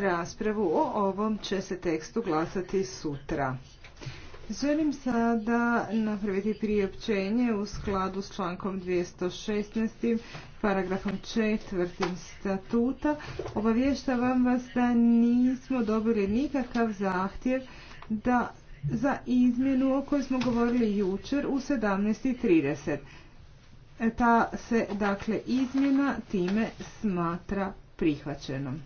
raspravu. O ovom će se tekstu glasati sutra. Želim sada napraviti priopćenje u skladu s člankom 216. paragrafom četvrtim statuta. Obavještavam vas da nismo dobili nikakav zahtjev da za izmjenu o kojoj smo govorili jučer u 17.30. E, ta se dakle izmjena time smatra prihvaćenom.